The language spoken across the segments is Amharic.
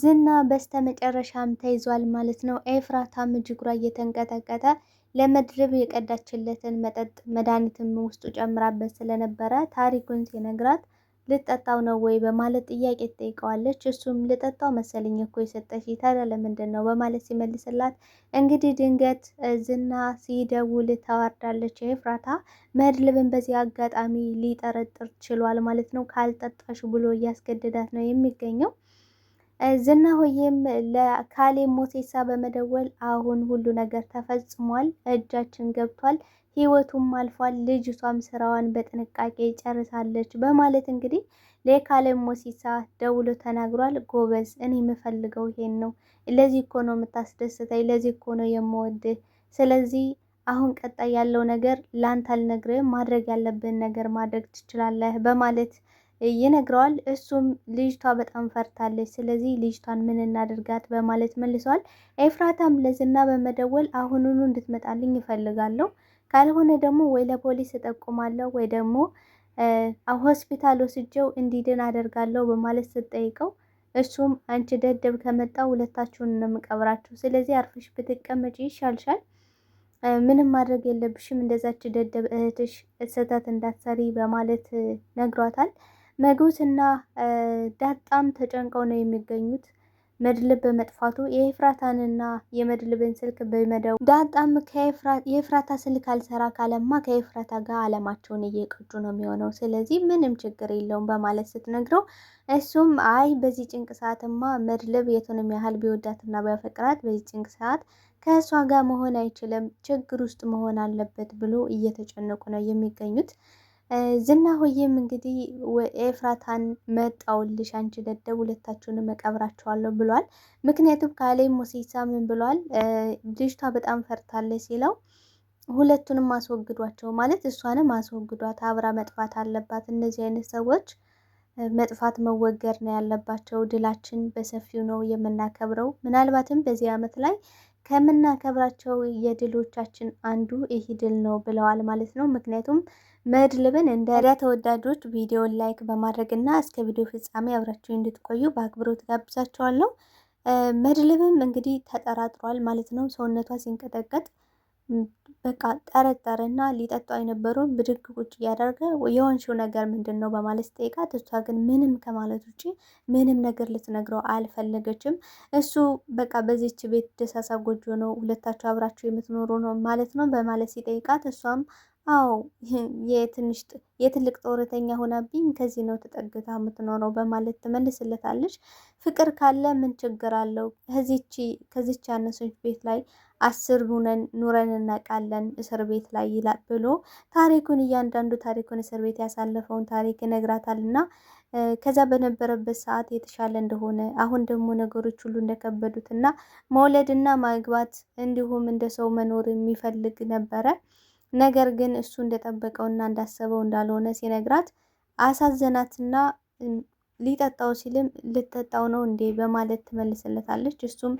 ዝና በስተመጨረሻም ተይዟል ማለት ነው። ኤፍራታም እጅጉራ እየተንቀጠቀጠ ለመድርብ የቀዳችለትን መጠጥ መድኃኒትም ውስጡ ጨምራበት ስለነበረ ታሪኩን ሲነግራት ልጠጣው ነው ወይ በማለት ጥያቄ ትጠይቀዋለች። እሱም ልጠጣው መሰለኝ እኮ የሰጠሽ ታዲያ ለምንድን ነው በማለት ሲመልስላት፣ እንግዲህ ድንገት ዝና ሲደውል ተዋርዳለች ኤፍራታ። መድልብን በዚህ አጋጣሚ ሊጠረጥር ችሏል ማለት ነው። ካልጠጣሽ ብሎ እያስገደዳት ነው የሚገኘው። ዝና ለካሌ ሞሴሳ በመደወል አሁን ሁሉ ነገር ተፈጽሟል፣ እጃችን ገብቷል፣ ህይወቱም አልፏል፣ ልጅቷም ስራዋን በጥንቃቄ ጨርሳለች በማለት እንግዲህ ለካሌ ሞሴሳ ደውሎ ተናግሯል። ጎበዝ፣ እኔ የምፈልገው ይሄን ነው። ለዚህ እኮ ነው የምታስደስተኝ፣ ለዚህ እኮ ነው የምወድህ። ስለዚህ አሁን ቀጣይ ያለው ነገር ላንተ አልነግርህም፣ ማድረግ ያለብህን ነገር ማድረግ ትችላለህ በማለት ይነግረዋል። እሱም ልጅቷ በጣም ፈርታለች፣ ስለዚህ ልጅቷን ምን እናደርጋት በማለት መልሰዋል። ኤፍራታም ለዝና በመደወል አሁኑኑ እንድትመጣልኝ ይፈልጋለሁ፣ ካልሆነ ደግሞ ወይ ለፖሊስ እጠቁማለሁ ወይ ደግሞ ሆስፒታል ወስጄው እንዲድን አደርጋለሁ በማለት ስትጠይቀው እሱም አንቺ ደደብ ከመጣ ሁለታችሁን ነው የምቀብራችሁ። ስለዚህ አርፈሽ ብትቀመጪ ይሻልሻል። ምንም ማድረግ የለብሽም። እንደዛች ደደብ እህትሽ ስህተት እንዳትሰሪ በማለት ነግሯታል። መጉስና ዳጣም ተጨንቀው ነው የሚገኙት። መድልብ በመጥፋቱ የኤፍራታንና የመድልብን ስልክ በመደው ዳጣም የኤፍራታ ስልክ አልሰራ ካለማ ከኤፍራታ ጋር አለማቸውን እየቀጩ ነው የሚሆነው፣ ስለዚህ ምንም ችግር የለውም በማለት ስትነግረው እሱም አይ በዚህ ጭንቅ ሰዓትማ መድልብ የቱንም ያህል ቢወዳትና ቢያፈቅራት በዚህ ጭንቅ ሰዓት ከእሷ ጋር መሆን አይችልም፣ ችግር ውስጥ መሆን አለበት ብሎ እየተጨነቁ ነው የሚገኙት። ዝና ሆዬም እንግዲህ ኤፍራታን መጣውልሽ አንቺ ደደብ ሁለታችሁንም መቀብራቸዋለሁ ብሏል። ምክንያቱም ካሌ ሙሴሳ ምን ብሏል? ልጅቷ በጣም ፈርታለች ሲለው ሁለቱንም አስወግዷቸው ማለት እሷንም አስወግዷት፣ አብራ መጥፋት አለባት። እነዚህ አይነት ሰዎች መጥፋት መወገድ ነው ያለባቸው። ድላችን በሰፊው ነው የምናከብረው። ምናልባትም በዚህ ዓመት ላይ ከምናከብራቸው የድሎቻችን አንዱ ይህ ድል ነው ብለዋል ማለት ነው ምክንያቱም መድብልን እንደ ሪያ ተወዳጆች ቪዲዮን ላይክ በማድረግ እና እስከ ቪዲዮ ፍጻሜ አብራችሁ እንድትቆዩ በአክብሮት ጋብዛችኋለሁ። መድልብም እንግዲህ ተጠራጥሯል ማለት ነው። ሰውነቷ ሲንቀጠቀጥ በቃ ጠረጠረና ሊጠጡ አይነበሩም ብድግ ቁጭ እያደረገ የሆንሽው ነገር ምንድን ነው በማለት ስጠይቃት፣ እሷ ግን ምንም ከማለት ውጭ ምንም ነገር ልትነግረው አልፈለገችም። እሱ በቃ በዚች ቤት ደሳሳ ጎጆ ነው ሁለታቸው አብራቸው የምትኖሩ ነው ማለት ነው በማለት ሲጠይቃት እሷም አዎ የትንሽ የትልቅ ጦረተኛ ሆናብኝ ከዚህ ነው ተጠግታ የምትኖረው በማለት ትመልስለታለች። ፍቅር ካለ ምን ችግር አለው? ከዚች ያነሰች ቤት ላይ አስር ሆነን ኑረን እናውቃለን እስር ቤት ላይ ይላል ብሎ ታሪኩን እያንዳንዱ ታሪኩን እስር ቤት ያሳለፈውን ታሪክ ይነግራታል እና ከዛ በነበረበት ሰዓት የተሻለ እንደሆነ አሁን ደግሞ ነገሮች ሁሉ እንደከበዱት እና መውለድና ማግባት እንዲሁም እንደ ሰው መኖር የሚፈልግ ነበረ። ነገር ግን እሱ እንደጠበቀውና እንዳሰበው እንዳልሆነ ሲነግራት አሳዘናትና ሊጠጣው ሲልም ልጠጣው ነው እንዴ በማለት ትመልስለታለች እሱም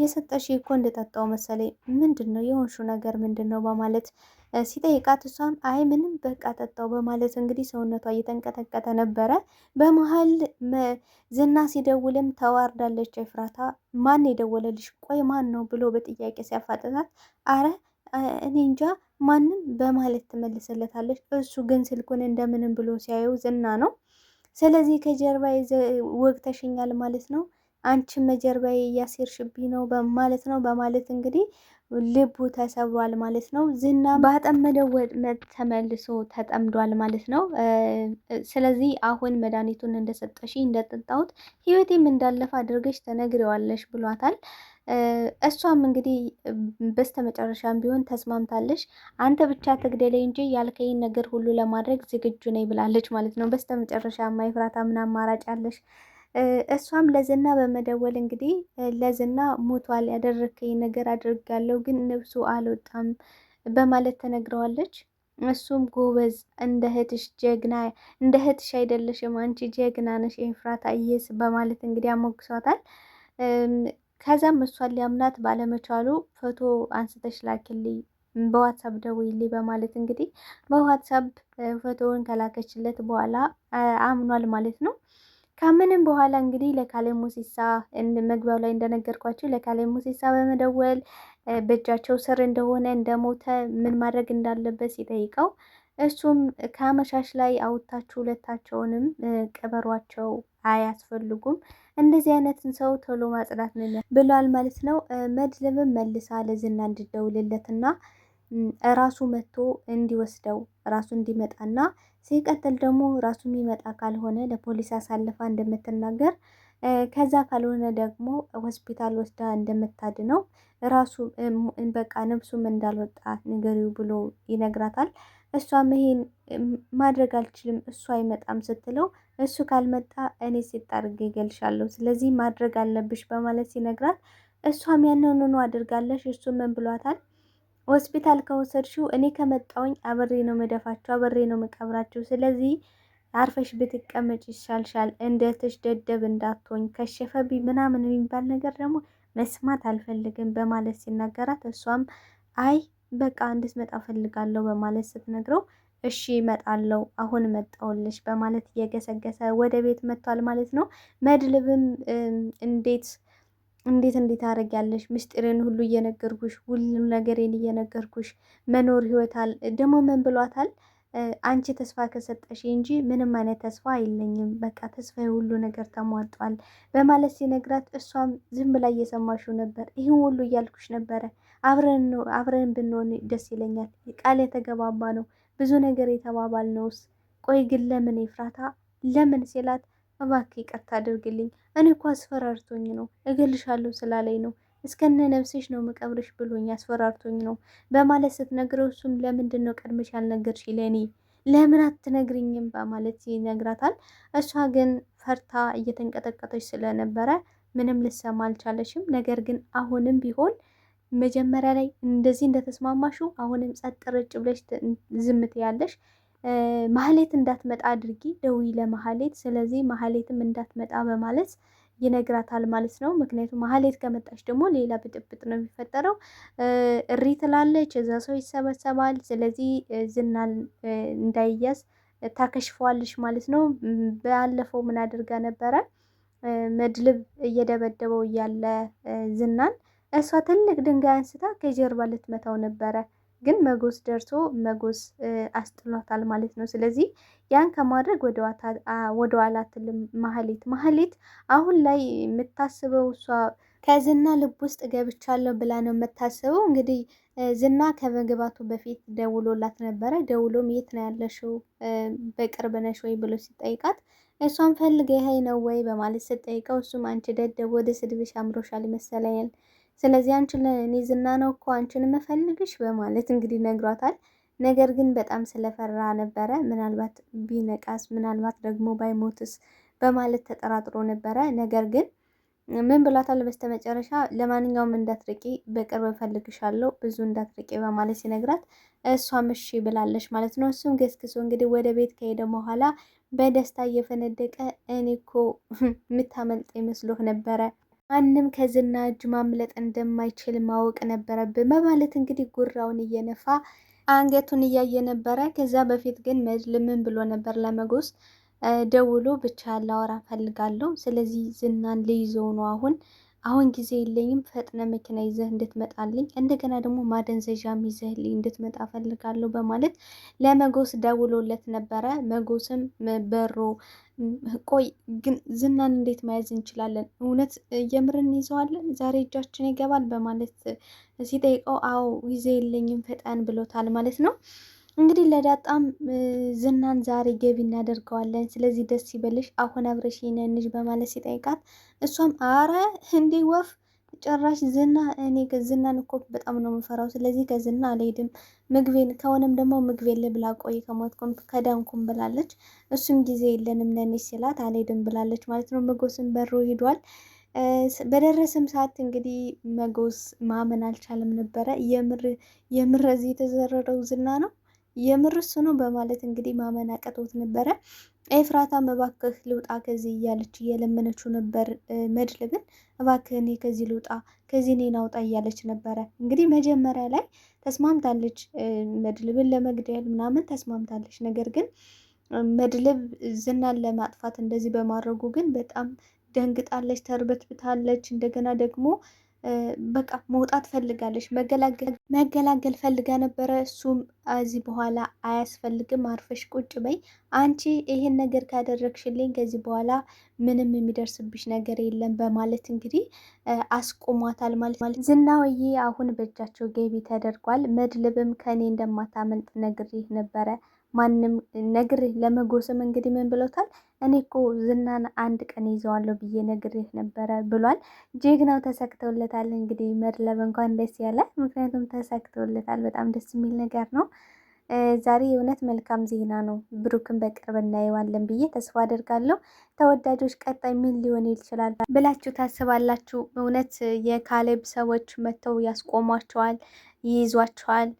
የሰጠሽ እኮ እንደጠጣው መሰለኝ ምንድን ነው የሆንሹ ነገር ምንድን ነው በማለት ሲጠይቃት እሷም አይ ምንም በቃ ጠጣው በማለት እንግዲህ ሰውነቷ እየተንቀጠቀጠ ነበረ። በመሀል ዝና ሲደውልም ተዋርዳለች። ኤፍራታ ማን የደወለልሽ? ቆይ ማን ነው ብሎ በጥያቄ ሲያፋጥናት አረ እኔ እንጃ ማንም በማለት ትመልስለታለች። እሱ ግን ስልኩን እንደምንም ብሎ ሲያየው ዝና ነው። ስለዚህ ከጀርባ ተሽኛል ማለት ነው አንቺን መጀርባዬ እያሴርሽብኝ ነው በማለት ነው በማለት እንግዲህ ልቡ ተሰብሯል ማለት ነው። ዝና ባጠመደው ወጥመድ ተመልሶ ተጠምዷል ማለት ነው። ስለዚህ አሁን መድኃኒቱን እንደሰጠሽ እንደጠጣሁት ህይወቴም እንዳለፈ አድርገሽ ተነግሬዋለሽ ብሏታል። እሷም እንግዲህ በስተመጨረሻም ቢሆን ተስማምታለች። አንተ ብቻ ትግደለኝ እንጂ ያልከይን ነገር ሁሉ ለማድረግ ዝግጁ ነኝ ብላለች ማለት ነው። በስተመጨረሻ ማይፍራታ ምን አማራጭ አለሽ? እሷም ለዝና በመደወል እንግዲህ ለዝና ሞቷል፣ ያደረከኝ ነገር አድርጋለሁ፣ ግን ነብሱ አልወጣም በማለት ተነግረዋለች። እሱም ጎበዝ፣ እንደ እህትሽ ጀግና፣ እንደ እህትሽ አይደለሽም አንቺ ጀግና ነሽ ኤፍራታ እየስ በማለት እንግዲህ አሞግሷታል። ከዛም እሷን ሊያምናት ባለመቻሉ ፎቶ አንስተሽ ላኪልኝ፣ በዋትሳፕ ደውይልኝ በማለት እንግዲህ በዋትሳፕ ፎቶውን ከላከችለት በኋላ አምኗል ማለት ነው። ከምንም በኋላ እንግዲህ ለካሌ ሙሲሳ መግቢያው ላይ እንደነገርኳቸው ለካሌ ሙሲሳ በመደወል በእጃቸው ስር እንደሆነ እንደሞተ ምን ማድረግ እንዳለበት ሲጠይቀው እሱም ከአመሻሽ ላይ አውጥታችሁ ሁለታቸውንም ቅበሯቸው፣ አያስፈልጉም እንደዚህ አይነትን ሰው ቶሎ ማጽዳት ብሏል ማለት ነው። መድብልም መልሳ ለዝና እንድደውልለትና ራሱ መጥቶ እንዲወስደው ራሱ እንዲመጣና ሲቀጥል ደግሞ ራሱ የሚመጣ ካልሆነ ለፖሊስ አሳልፋ እንደምትናገር ከዛ ካልሆነ ደግሞ ሆስፒታል ወስዳ ነው ራሱ በቃ ነብሱም እንዳልወጣ ንገሪው ብሎ ይነግራታል። እሷም ይሄን ማድረግ አልችልም እሱ አይመጣም ስትለው እሱ ካልመጣ እኔ ሴት አድርጌ ይገልሻለሁ፣ ስለዚህ ማድረግ አለብሽ በማለት ሲነግራት እሷም ያንኑ አድርጋለሽ። እሱ ምን ብሏታል? ሆስፒታል ከወሰድሽው እኔ ከመጣውኝ አብሬ ነው መደፋቸው፣ አብሬ ነው መቀብራቸው። ስለዚህ አርፈሽ ብትቀመጭ ይሻልሻል። እንደትሽ ደደብ እንዳትሆኝ ከሸፈቢ ምናምን የሚባል ነገር ደግሞ መስማት አልፈልግም በማለት ሲናገራት፣ እሷም አይ በቃ እንድትመጣ ፈልጋለሁ በማለት ስትነግረው፣ እሺ እመጣለሁ፣ አሁን መጣውልሽ በማለት እየገሰገሰ ወደ ቤት መጥቷል ማለት ነው። መድልብም እንዴት እንዴት እንዴት አደርጊያለሽ? ምስጢሬን ሁሉ እየነገርኩሽ፣ ሁሉም ነገሬን እየነገርኩሽ መኖር ህይወታል። ደግሞ ምን ብሏታል? አንቺ ተስፋ ከሰጠሽ እንጂ ምንም አይነት ተስፋ የለኝም፣ በቃ ተስፋ ሁሉ ነገር ተሟጧል በማለት ሲነግራት፣ እሷም ዝም ብላ እየሰማሽው ነበር፣ ይህን ሁሉ እያልኩሽ ነበረ፣ አብረን ብንሆን ደስ ይለኛል፣ ቃል የተገባባ ነው፣ ብዙ ነገር የተባባል ነውስ። ቆይ ግን ለምን ይፍራታ ለምን ሲላት እባክህ ይቅርታ አድርግልኝ። እኔ እኮ አስፈራርቶኝ ነው እገልሻለሁ ስላለኝ ነው እስከነ ነፍስሽ ነው መቀብርሽ ብሎኝ አስፈራርቶኝ ነው በማለት ስትነግረው እሱም ለምንድን ነው ቀድመሽ ያልነገርሽ ለእኔ ለምን አትነግርኝም በማለት ይነግራታል። እሷ ግን ፈርታ እየተንቀጠቀጠች ስለነበረ ምንም ልሰማ አልቻለሽም። ነገር ግን አሁንም ቢሆን መጀመሪያ ላይ እንደዚህ እንደተስማማሹ አሁንም ጸጥ ረጭ ብለሽ ዝምት ያለሽ ማህሌት እንዳትመጣ አድርጊ ደዊ ለማህሌት፣ ስለዚህ ማህሌትም እንዳትመጣ በማለት ይነግራታል ማለት ነው። ምክንያቱም ማህሌት ከመጣች ደግሞ ሌላ ብጥብጥ ነው የሚፈጠረው። እሪ ትላለች፣ እዛ ሰው ይሰበሰባል። ስለዚህ ዝናን እንዳይያዝ ታከሽፈዋለች ማለት ነው። ባለፈው ምን አድርጋ ነበረ? መድልብ እየደበደበው እያለ ዝናን እሷ ትልቅ ድንጋይ አንስታ ከጀርባ ልትመታው ነበረ። ግን መጎስ ደርሶ መጎስ አስጥሏታል ማለት ነው። ስለዚህ ያን ከማድረግ ወደ ኋላ አትልም ማህሌት። ማህሌት አሁን ላይ የምታስበው እሷ ከዝና ልብ ውስጥ ገብቻለሁ ብላ ነው የምታስበው። እንግዲህ ዝና ከመግባቱ በፊት ደውሎላት ነበረ። ደውሎም የት ነው ያለሽው በቅርብ ነሽ ወይ ብሎ ሲጠይቃት እሷን ይሄ ነው ወይ በማለት ስጠይቀው እሱም አንቺ ደደብ ወደ ስድብሽ አምሮሻል ይመሰለኛል ስለዚህ አንቺ እኔ ዝና ነው እኮ አንቺን የምፈልግሽ በማለት እንግዲህ ነግሯታል። ነገር ግን በጣም ስለፈራ ነበረ። ምናልባት ቢነቃስ፣ ምናልባት ደግሞ ባይሞትስ በማለት ተጠራጥሮ ነበረ። ነገር ግን ምን ብሏታል በስተመጨረሻ ለማንኛውም እንዳትርቂ፣ በቅርብ እፈልግሻለሁ፣ ብዙ እንዳትርቂ በማለት ሲነግራት እሷም እሺ ብላለች ማለት ነው። እሱም ገስግሶ እንግዲህ ወደ ቤት ከሄደ በኋላ በደስታ እየፈነደቀ እኔ እኮ የምታመልጥ ይመስሎህ ነበረ ማንም ከዝና እጅ ማምለጥ እንደማይችል ማወቅ ነበረብን በማለት እንግዲህ ጉራውን እየነፋ አንገቱን እያየ ነበረ። ከዛ በፊት ግን መድልምን ብሎ ነበር ለመጎስ ደውሎ ብቻ ላወራ ፈልጋለሁ፣ ስለዚህ ዝናን ልይዘው ነው አሁን አሁን ጊዜ የለኝም፣ ፈጥነ መኪና ይዘህ እንድትመጣልኝ እንደገና ደግሞ ማደንዘዣም ይዘህልኝ እንድትመጣ ፈልጋለሁ በማለት ለመጎስ ደውሎለት ነበረ። መጎስም በሮ ቆይ ግን ዝናን እንዴት መያዝ እንችላለን? እውነት የምር እንይዘዋለን? ዛሬ እጃችን ይገባል? በማለት ሲጠይቀው አዎ ጊዜ የለኝም ፈጠን ብሎታል ማለት ነው። እንግዲህ ለዳጣም ዝናን ዛሬ ገቢ እናደርገዋለን፣ ስለዚህ ደስ ይበልሽ፣ አሁን አብረሽ ይነንሽ በማለት ሲጠይቃት እሷም አረ እንዲህ ወፍ ጨራሽ ዝና እኔ ዝናን እኮ በጣም ነው የምፈራው። ስለዚህ ከዝና አልሄድም፣ ምግቤን ከሆነም ደግሞ ምግቤ ልብላ፣ ቆይ ከሞትኩም ከዳንኩም ብላለች። እሱም ጊዜ የለንም ነንሽ ሲላት አልሄድም ብላለች ማለት ነው። መጎስም በሮ ሂዷል። በደረሰም ሰዓት እንግዲህ መጎስ ማመን አልቻለም ነበረ። የምር የምር እዚህ የተዘረረው ዝና ነው የምርሱ ነው በማለት እንግዲህ ማመን አቅቶት ነበረ። ኤፍራታም እባክህ ልውጣ ከዚህ እያለች እየለመነችው ነበር። መድብልን እባክህ እኔ ከዚህ ልውጣ ከዚህ እኔን አውጣ እያለች ነበረ። እንግዲህ መጀመሪያ ላይ ተስማምታለች፣ መድብልን ለመግደል ምናምን ተስማምታለች። ነገር ግን መድብል ዝናን ለማጥፋት እንደዚህ በማድረጉ ግን በጣም ደንግጣለች፣ ተርበትብታለች። እንደገና ደግሞ በቃ መውጣት ፈልጋለች፣ መገላገል ፈልጋ ነበረ። እሱም ከዚህ በኋላ አያስፈልግም፣ አርፈሽ ቁጭ በይ አንቺ ይህን ነገር ካደረግሽልኝ ከዚህ በኋላ ምንም የሚደርስብሽ ነገር የለም በማለት እንግዲህ አስቆሟታል። ማለት ዝናውዬ አሁን በእጃቸው ገቢ ተደርጓል። መድልብም ከእኔ እንደማታመልጥ ነግሬህ ነበረ ማንም ነግር ለመጎስም እንግዲህ ምን ብሎታል? እኔ እኮ ዝናን አንድ ቀን ይዘዋለሁ ብዬ ነግሬህ ነበረ ብሏል። ጀግናው ተሰክተውለታል እንግዲህ መድለብ እንኳን ደስ ያለ፣ ምክንያቱም ተሰክተውለታል በጣም ደስ የሚል ነገር ነው። ዛሬ የእውነት መልካም ዜና ነው። ብሩክን በቅርብ እናየዋለን ብዬ ተስፋ አደርጋለሁ። ተወዳጆች ቀጣይ ምን ሊሆን ይችላል ብላችሁ ታስባላችሁ? እውነት የካሌብ ሰዎች መጥተው ያስቆሟቸዋል፣ ይይዟቸዋል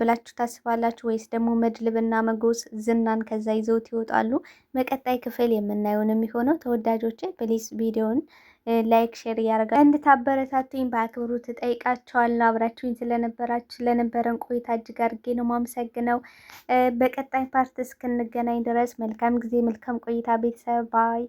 ብላችሁ ታስባላችሁ? ወይስ ደግሞ መድብልና መጎስ ዝናን ከዛ ይዘውት ይወጣሉ? በቀጣይ ክፍል የምናየውን የሚሆነው ተወዳጆች ፕሊስ ቪዲዮን ላይክ፣ ሼር እያደረጋ እንድታበረታቱኝ በአክብሮት እጠይቃቸዋለሁ። አብራችሁኝ ስለነበራችሁ ስለነበረን ቆይታ እጅግ አድርጌ ነው ማመሰግነው በቀጣይ ፓርት እስክንገናኝ ድረስ መልካም ጊዜ፣ መልካም ቆይታ ቤተሰብ ባይ